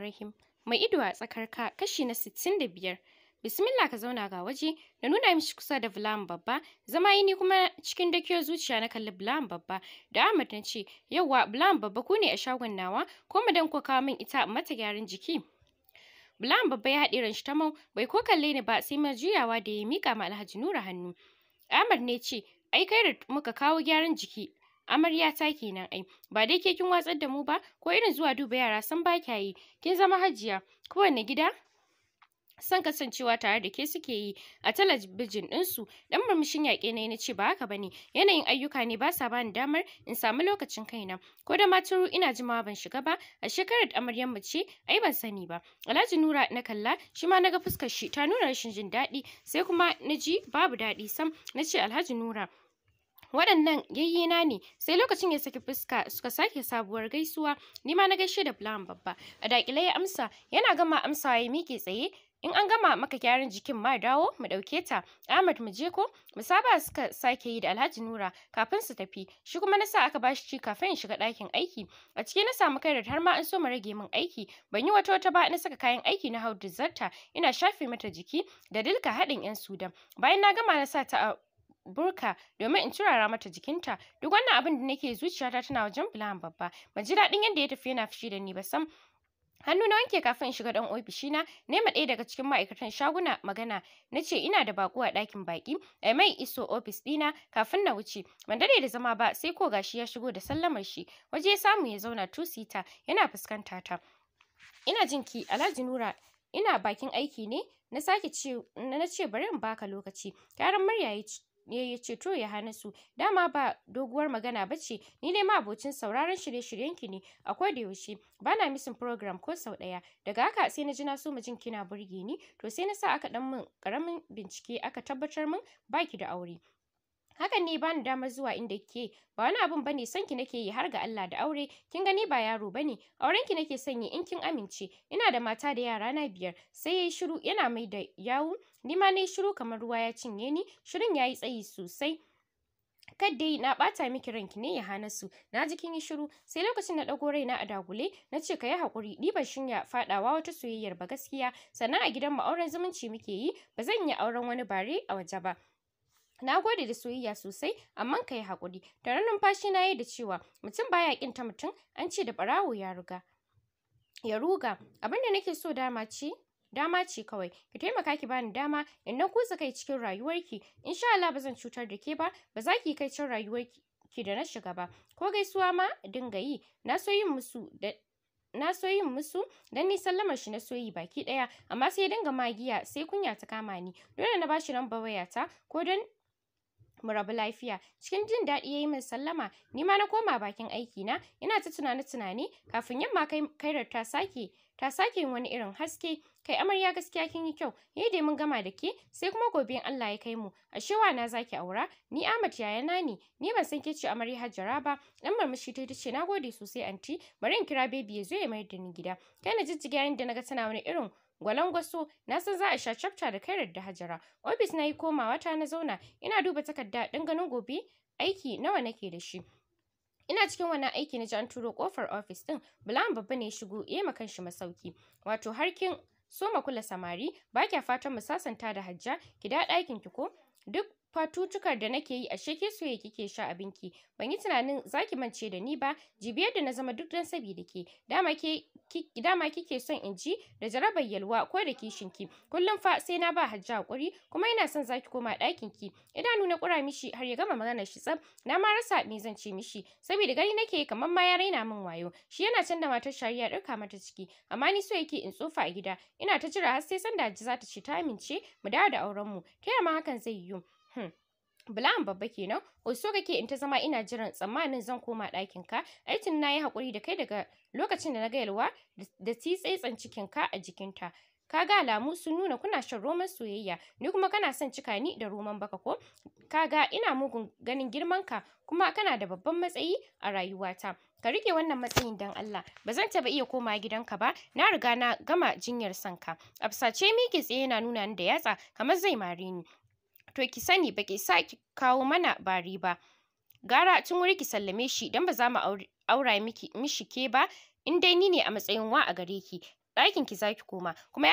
rahim. Mai ido a tsakar ka kashi na sittin da biyar. Bismillah ka zauna ga waje na nuna mishi kusa da Bulam babba zama yi kuma cikin dakiyar zuciya na kalli Bulam babba da Ahmad na ce yawwa Bulam babba ku ne a shagon nawa ko madan ko kawo min ita mata gyaran jiki. Bulam babba ya haɗe ranshi ta mau bai ko kalle ni ba sai ma juyawa da ya mika ma Alhaji Nura hannu. Ahmad ne ce ai kai da muka kawo gyaran jiki amarya ta kenan ai ba dai ke kin watsar da mu ba ko irin zuwa duba yara san ba kya yi kin zama hajiya kowanne gida san kasancewa tare da ke suke yi a talabijin ɗinsu dan murmushin yaƙe na na ce ba haka ne yanayin ayyuka ne ba sa ba ni damar in samu lokacin kaina ko da ma turu ina jimawa ban shiga ba a shekarar amaryan mu ce ai ban sani ba alhaji nura na kalla shi ma na ga fuskar shi ta nuna rashin jin daɗi sai kuma na ji babu daɗi sam na ce alhaji nura waɗannan yayyina ne sai lokacin ya saki fuska suka sake sabuwar gaisuwa ni ma na gaishe da bulan babba a dakile ya amsa yana gama amsa ya miƙe tsaye in an gama maka gyaran jikin ma dawo mu ɗauke ta ahmad mu je ko mu saba suka sake yi da alhaji nura kafin su tafi shi kuma nasa aka bashi ci kafin in shiga ɗakin aiki a ciki na samu kai da har ma an so mu rage min aiki ban yi wata wata ba na saka kayan aiki na hau dizarta ina shafe mata jiki da dilka haɗin yan sudan bayan na gama na sa ta a burka domin in turara mata jikinta duk wannan abin da nake zuciyata tana wajen Bilhan babba ban ji daɗin yadda ya tafi yana fushi da ni ba sam hannu na wanke kafin in shiga dan na nema ɗaya daga cikin ma'aikatan shaguna magana na ce ina da baƙo a ɗakin baƙi ai mai iso ofis ɗina kafin na wuce ban daɗe da zama ba sai ko gashi ya shigo da sallamar shi waje ya samu ya zauna ta yana fuskanta ta ina jin ki alhaji nura ina bakin aiki ne na sake ce na ce bari in baka lokaci yaran murya ne ya ce to ya hana su dama ba doguwar magana ba ce ni ne ma abocin sauraron shirye-shiryenki ne a da yaushe ba na misin program ko sau ɗaya daga haka sai na ji na so jin kina burge ni to sai na sa aka ɗan min karamin bincike aka tabbatar min baki da aure hakan ne bani damar zuwa inda kike ba wani abun bane son ki nake yi har ga Allah da aure kin gani ba yaro bane auren ki nake son yi in kin amince ina da mata da yara na biyar sai yayi shiru yana mai da yawu ni ma nayi shiru kamar ruwa ya cinye ni shirin yayi tsayi sosai dai na bata miki ranki ne ya hana su na ji kin yi shiru sai lokacin na dago raina a dagule na ce ka yi hakuri ɗiban shinya faɗawa wata soyayyar ba gaskiya sannan a gidan mu auren zumunci muke yi ba zan yi auren wani bare a waje ba Na gode da soyayya sosai, amma ka yi haƙuri. Tare numfashi na yi da cewa mutum baya ƙin ta mutum, an ce da ɓarawo ya ruga. Ya ruga, abin da nake so dama ce, dama ce kawai. Ki taimaka ki bani dama in na kusa kai cikin rayuwarki. Insha Allah ba zan cutar da ke ba, ba za ki kai cikin rayuwarki ki da na shiga ba. Ko gaisuwa ma dinga yi, na so yin musu da na so musu dan ni sallamar shi na soyi baki daya amma sai dinga magiya sai kunya ta kama ni dole na bashi lambar wayata ko dan mu rabu lafiya cikin jin daɗi ya yi min sallama ni ma na koma bakin aiki na ina ta tunani tunani kafin yamma kai kairar ta sake ta sake wani irin haske kai amarya gaskiya kin yi kyau ni dai mun gama da ke sai kuma gobe in Allah ya kai mu ashe wa na zaki aura ni Ahmad yayana ne ni ban san ke ce amarya Hajara ba dan murmushi ta tace nagode sosai anti bari in kira baby ya zo ya mayar da ni gida kai na jijjiga yayin da naga tana wani irin gwalangwaso na san za a sha cafta da kairar da hajara ofis na yi komawa ta na zauna ina duba takarda don ganin gobe aiki nawa nake da shi ina cikin wani aiki na jan turo kofar ofis din bulan babba ne shigo ya ma kanshi masauki wato harkin soma kula samari ba kya fatan mu sasanta da hajja ki da ɗakin ki ko duk fatutukar da nake yi ashe ke ya kike sha abin ki ban yi tunanin zaki mance da ni ba jibiyar da na zama duk dan sabida ke dama ke dama kike son in ji da jarabar yalwa ko da kishin ki kullum fa sai na ba hajja hakuri kuma ina son zaki koma ɗakin ki idanu na kura mishi har ya gama maganar shi tsaf na ma rasa me zan ce mishi saboda gani nake kamar ma ya raina min wayo shi yana can da matar shari'a ɗauka mata ciki amma ni so yake in tsufa a gida ina ta jira har sai sanda za ta ce ta amince mu dawo da auren mu ta ma hakan zai yiwu Hmm. bala'an babba kenan, wai so kake in ta zama ina jiran tsammanin zan koma ɗakin ka, aitin na yi hakuri da kai daga lokacin da na ga yalwa da tsaitsan cikin ka a jikin ta Ka ga alamu sun nuna kuna shan roman soyayya, ni kuma kana son cika ni da roman baka ko? Ka ga ina mugun ganin girman ka, kuma kana da babban matsayi a rayuwata. Ka rike wannan matsayin dan Allah, ba zan taɓa iya koma gidanka ba, na riga na gama jinyar sanka. Afsace miki tsaye yana nuna ni da yatsa kamar zai mare ni. to ki sani ba ki sa ki kawo mana bari ba gara tun wuri ki sallame shi don ba za mu aura miki mishi ke ba in dai ni ne a matsayin wa a gare ki ɗakin ki za ki koma kuma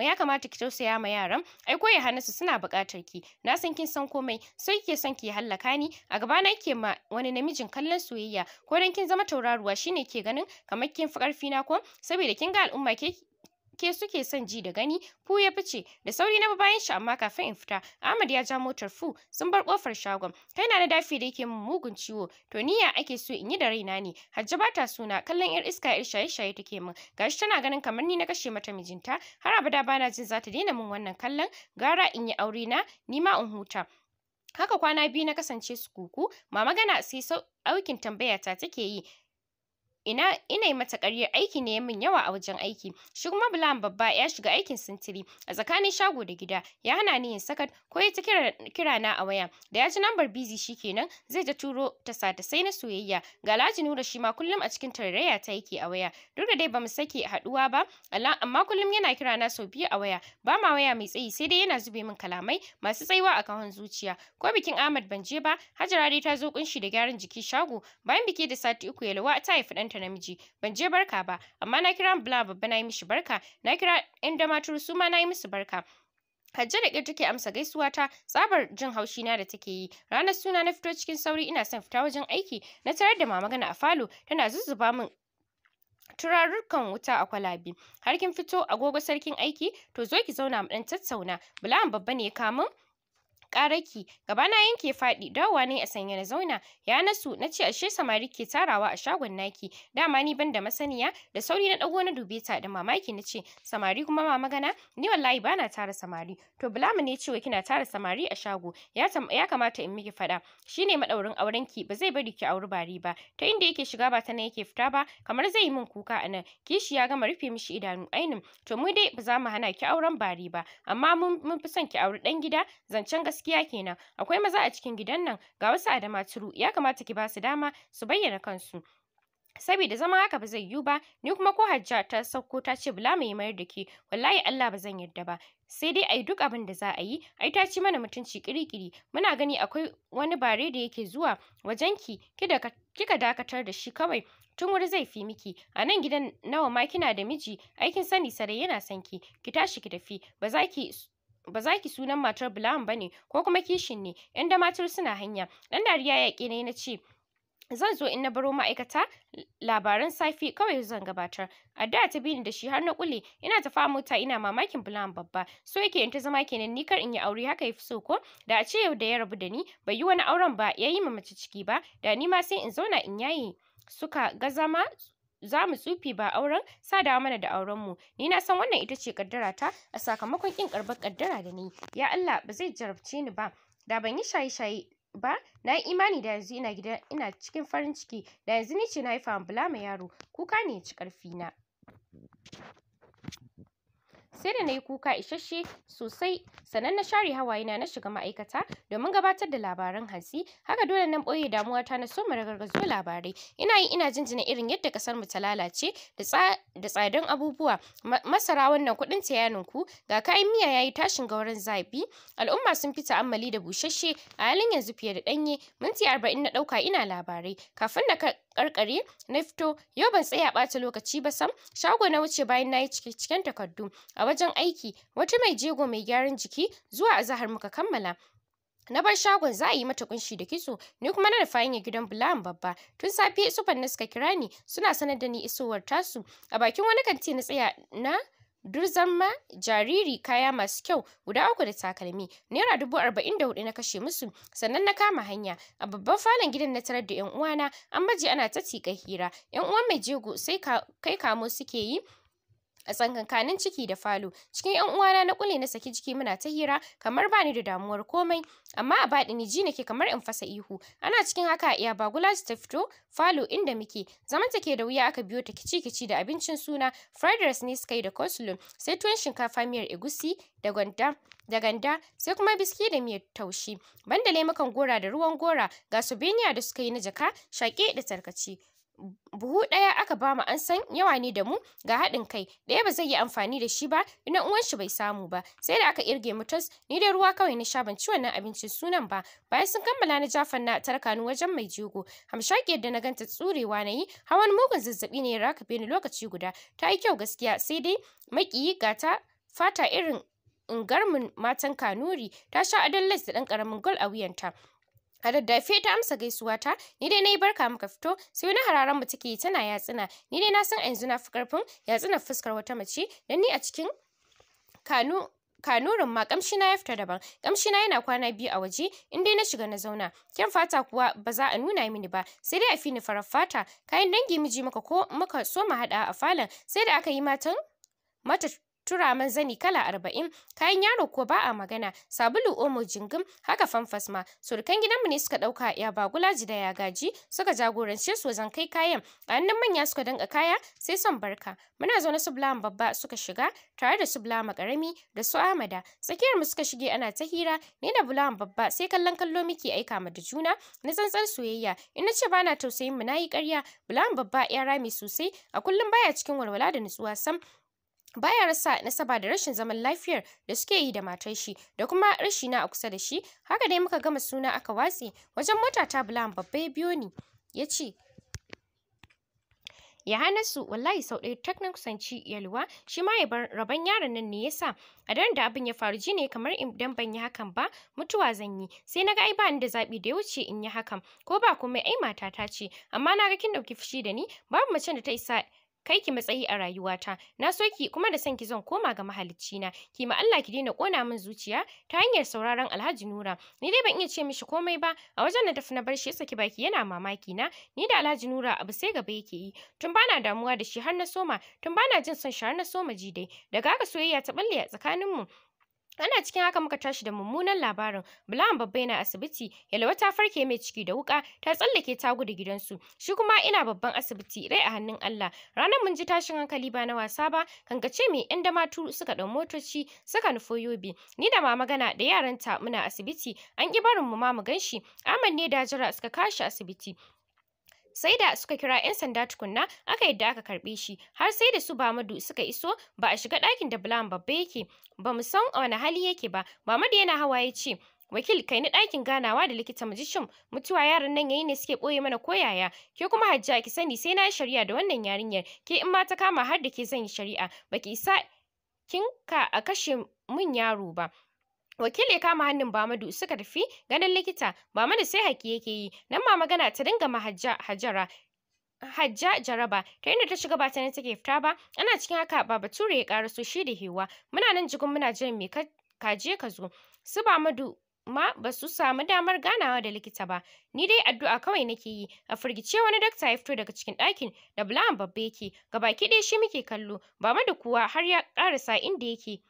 ya kamata ki tausaya ma yaran ai ko ya hana suna buƙatar ki na san kin san komai sai kike son ki hallaka ni a gaba na ke ma wani namijin kallon soyayya ko dan kin zama tauraruwa shine ke ganin kamar kin fi ƙarfi na ko saboda kin ga al'umma ke ke suke son ji da gani fu ya fice da sauri na bayan shi amma kafin in fita Ahmad ya ja motar fu sun bar kofar shagon kai na da dafi da yake min mugun ciwo to niya ake so in yi da raina ne Hajja ba ta suna kallon yar iska yar shaye shaye take min gashi tana ganin kamar ni na kashe mata mijinta har abada bana jin za ta daina min wannan kallon gara in yi aure na ni ma in huta haka kwana biyu na kasance su kuku ma magana sai aukin tambayata take yi ina ina mata aiki ne ya min yawa a wajen aiki shi kuma bulan babba ya shiga aikin sintiri a tsakanin shago da gida ya hana ni yin sakat ko ya ta kira, kira na a waya da ya ji lambar bizi kenan zai ta turo ta sata sai na soyayya ga Alhaji Nura shi ma kullum a cikin tarayya ta yake a waya duk da dai ba mu sake haɗuwa ba amma kullum yana kira na sau biyu a waya ba ma waya mai tsayi sai dai yana zube min kalamai masu tsayuwa a kahon zuciya ko bikin Ahmad ban je ba Hajara dai ta zo kunshi da gyaran jiki shago bayan biki da sati uku ya lawa ta haifi ta ta namiji ban je barka ba amma na kira bla babba na yi mishi barka na kira yan damaturu su ma na musu barka Hajja da take amsa gaisuwa ta tsabar jin haushi na da take yi. Ranar suna na fito cikin sauri ina son fita wajen aiki. Na tarar da mama gana a falo tana zuzzuba min turarurrukan wuta a kwalabi Har kin fito agogo sarkin aiki to zo ki zauna mu dan tattauna. bulan babba ne ya kamun gaba na yanke faɗi dawowa ne a sanya na zauna ya nasu na ce ashe samari ke tarawa a shagon naki dama ni ban da masaniya da sauri na ɗago na dube ta da mamaki na ce samari kuma ma magana ni wallahi bana tara samari to bulama ne cewa kina tara samari a shago ya, kamata in miki faɗa shine maɗaurin auren ki ba zai bari ki auri bari ba ta inda yake shiga ba ta yake fita ba kamar zai yi min kuka a nan kishi ya gama rufe mishi idanu ainin to mu dai ba za mu hana ki auren bari ba amma mun fi son ki auri ɗan gida zancen gaskiya gaskiya kenan akwai maza a cikin gidan nan ga wasu adama turu ya kamata ki basu dama su bayyana kansu saboda zama haka ba zai yiwu ba ni kuma ko hajja ta sauko ta ce bula mai mayar da ke wallahi Allah ba zan yarda ba sai dai ayi duk abin da za a yi ai ta ci mana mutunci kirikiri muna gani akwai wani bare da yake zuwa wajen wajenki kika dakatar da shi kawai tun wuri zai fi miki a nan gidan nawa ma kina da miji aikin sani sarai yana son ki ki tashi ki tafi ba za ki ba za ki sunan matar Bulawan ba ne ko kuma kishin ne ‘yan damatar suna hanya ɗan dariya ya ƙi ne na ce zan zo in na baro ma'aikata labaran safi kawai zan gabatar a da ta bi ni da shi har na kule ina tafa mota ina mamakin bulan babba so yake in ta zama kenan ni kar in yi aure haka yafi so ko da a ce yau da ya rabu da ni bai yi wani auren ba ya yi ma mace ciki ba da ni ma sai in zauna in yaye suka gazama za mu tsufi ba auren sa dawo mana da auren mu ni na san wannan ita ce kaddara ta a sakamakon kin karbar kaddara da ni ya Allah ba zai jarabce ni ba da ban yi shaye shaye ba na yi imani da yanzu ina gida ina cikin farin ciki da yanzu ni ce na haifa bula ma yaro kuka ne ya ci karfi na sai da na yi kuka isasshe sosai sannan na share hawaye na na shiga ma'aikata domin gabatar da labaran hantsi haka dole nan ɓoye damuwata na so mu labarai ina yi ina jinjina irin yadda kasar mu ta lalace da tsadan abubuwa masara wannan kuɗin ta yanin ku ga kayan miya yayi tashin gauran zaɓi al'umma sun fi ta'ammali da busasshe a halin yanzu fiye da ɗanye minti arba'in na ɗauka ina labarai kafin na karkare na fito yau ban tsaya bata lokaci ba sam shago na wuce bayan na yi cikin takardu a wajen aiki wata mai jego mai gyaran jiki zuwa azahar muka kammala na bar shagon za a yi mata kunshi da kitso ni kuma na rufa yin gidan bulawan babba tun safe sufan na suka kira ni suna sanar da ni isowar tasu a bakin wani kanti na tsaya na Duk zama jariri kaya masu kyau guda uku da takalmi naira dubu arba'in da hudu na kashe musu sannan na kama hanya a babban falon gidan na tarar da yan uwana an baje ana ta tiƙa hira yan uwan mai jego sai kai kamo suke yi a tsakankanin ciki da falo cikin yan uwana na kule na saki jiki muna ta hira kamar bani da damuwar komai amma a baɗini ji nake kamar in fasa ihu ana cikin haka iya bagula ta fito falo inda muke zaman take da wuya aka biyo ta kici kici da abincin suna fried rice ne suka yi da coleslaw sai tuwon shinkafa miyar egusi da gwanda da ganda sai kuma biski da miyar taushi banda lemakan gora da ruwan gora ga su da suka yi na jaka shaƙe da tarkace buhu ɗaya aka bamu an san yawa ne da mu ga haɗin kai ɗaya ba zai yi amfani da shi ba ina uwan shi bai samu ba sai da aka irge mu tas ni dai ruwa kawai na sha ban ci wannan abincin sunan ba bayan sun kammala na jafan na tarkanu wajen mai jego hamshakiyar da na ganta tsurewa na yi hawan mugun zazzaɓi ne ya rakabe ni lokaci guda ta yi kyau gaskiya sai dai maƙiyi gata fata irin ingarmin matan kanuri ta sha adalles da ɗan ƙaramin gol a wuyanta a daddafe ta amsa gaisuwa ta ni dai nayi barka muka fito sai wani hararen mu take tana yatsuna ni dai na san yanzu na fi karfin yatsina fuskar wata mace dan ni a cikin kanu kanurin ma kamshina ya fita daban kamshina yana kwana biyu a waje in dai na shiga na zauna kyan fata kuwa ba za a nuna mini ba sai dai a fini farar fata kayan dangi miji muka ko muka so mu hada a falon sai da aka yi matan mata turamin zani kala arba'in kayan yaro ko ba a magana sabulu omo jingim haka famfas ma surukan gidanmu ne suka ɗauka ya bagulaji da ya gaji suka jagorance su wajen kai kayan a hannun manya suka danga kaya sai son barka muna zaune su bulama babba suka shiga tare da su bulama karami da su amada tsakiyar mu suka shige ana ta hira ni da bulama babba sai kallon kallo muke aika ma da juna na tsantsar soyayya in na ce bana tausayin mu yi karya bulama babba ya rame sosai a kullum baya cikin walwala da nutsuwa sam baya rasa nasaba da rashin zaman lafiyar da suke yi da matar shi da kuma rashi na a kusa da shi haka dai muka gama suna aka watse wajen mota ta bulan babba ya biyo ni ya ce ya hana su wallahi sau ɗaya tak na kusanci yalwa shi ma rabon yaron nan ne yasa a daren da abin ya faru ji ne kamar idan ban yi hakan ba mutuwa zan yi sai na ga ai ba ni da zaɓi da ya wuce in yi hakan ko ba komai ai matata ce amma na ga kin ɗauki fushi da ni babu macen da ta isa kai ki matsayi a rayuwata na so ki kuma da son ki zan koma ga na. ki ma Allah ki daina kona min zuciya ta hanyar sauraron Alhaji Nura ni dai ban iya ce mishi komai ba a wajen na tafi na bar shi saki baki yana mamaki na ni da Alhaji Nura abu sai gaba yake yi tun bana damuwa da shi har na soma tun bana jin son shi na soma ji dai daga haka soyayya ta balle a tsakanin mu Ana cikin haka muka tashi da mummunan labarin. Bulawan babba yana asibiti, Yalwa ta farke mai ciki da wuka, ta tsallake ta gudu gidansu. Shi kuma ina babban asibiti, rai a hannun Allah. Ranar mun ji tashin hankali ba na wasa ba, kankace mai yan damatu suka ɗau motoci suka nufo Yobe. Ni da ma magana da yaran ta muna asibiti, an ƙi barin mu ma mu ganshi. Ahmad ne da Jira suka kashi asibiti. sai da suka kira 'yan sanda tukunna aka yadda aka karɓe shi har sai da su Bamadu suka iso ba a shiga ɗakin da Bulan babba yake ba mu san wani hali yake ba Bamadu yana hawa ya ce wakil kai ni ɗakin ganawa da likita mu mutuwa yaran nan yayi ne suke ɓoye mana koyaya ke kuma hajja ki sani sai na shari'a da wannan yarinyar ke in ma ta kama har da ke zan yi shari'a baki isa kinka a kashe mun yaro ba Wakil ya kama hannun Bamadu suka tafi ganin likita, Bamadu sai haki yake yi, nan ma magana ta dinga ma Hajara. Hajja Jaraba ta inda ta shiga ba ta ne take fita ba ana cikin haka ba Bature ya karaso shi da hewa muna nan jikun muna jiran me ka kaje ka zo su Bamadu ma ba su samu damar ganawa da likita ba ni dai addu'a kawai nake yi a firgice wani dakta ya fito daga cikin ɗakin da bulawan babba yake gabaki ɗaya shi muke kallo Bamadu kuwa har ya ƙarasa inda yake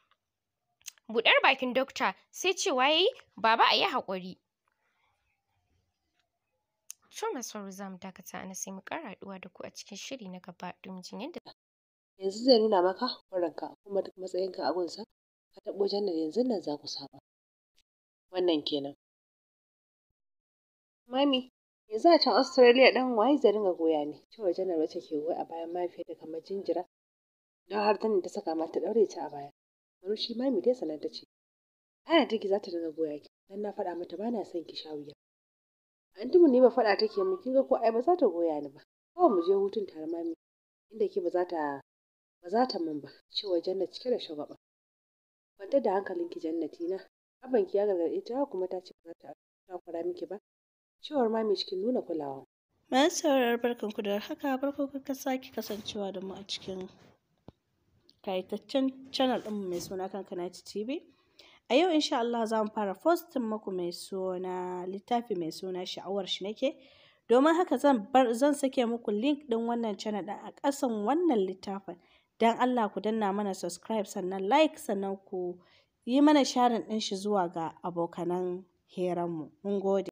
buɗar bakin dokta sai cewa ya baba ayi yi haƙuri to masu za mu dakata ana sai mu ƙara haɗuwa da ku a cikin shiri na gaba domin jin yadda yanzu zai nuna maka kwaranka kuma duk matsayinka a gunsa ka taɓo jannar yanzu nan za ku saba wannan kenan mami yanzu a can australia ɗan waye zai ringa goya ne cewa janar wacce ke goya a bayan da kamar jinjira don har tana ta saka mata ɗaure ta a baya shi ma mi dai ta ce, Ana take za ta dinga goya ki, dan na faɗa mata ba na son ki sha wuya. Antumu ne ba faɗa take mu kin ga ko ai ba za ta goya ni ba. Kawai mu je hutun tare mami inda ke ba za ta ba za ta min ba cewa Jannat cike da shagwaba. Kwanta da hankalinki Jannati na. Abanki ya gargaɗe ta kuma ta ce ba za ta takura miki ba. Cewar mami cikin nuna kulawa. Masu saurar barkanku da haka barkanku ka sake kasancewa da mu a cikin kayataccen channel ɗinmu mai suna kankanati tv a yau insha Allah za mu fara postin muku mai suna littafi mai suna sha'awar shi nake domin haka zan bar zan sake muku link ɗin wannan channel ɗin a ƙasan wannan littafin dan Allah ku danna mana subscribe sannan like sannan ku yi mana sharing ɗin shi zuwa ga abokanan heranmu mun gode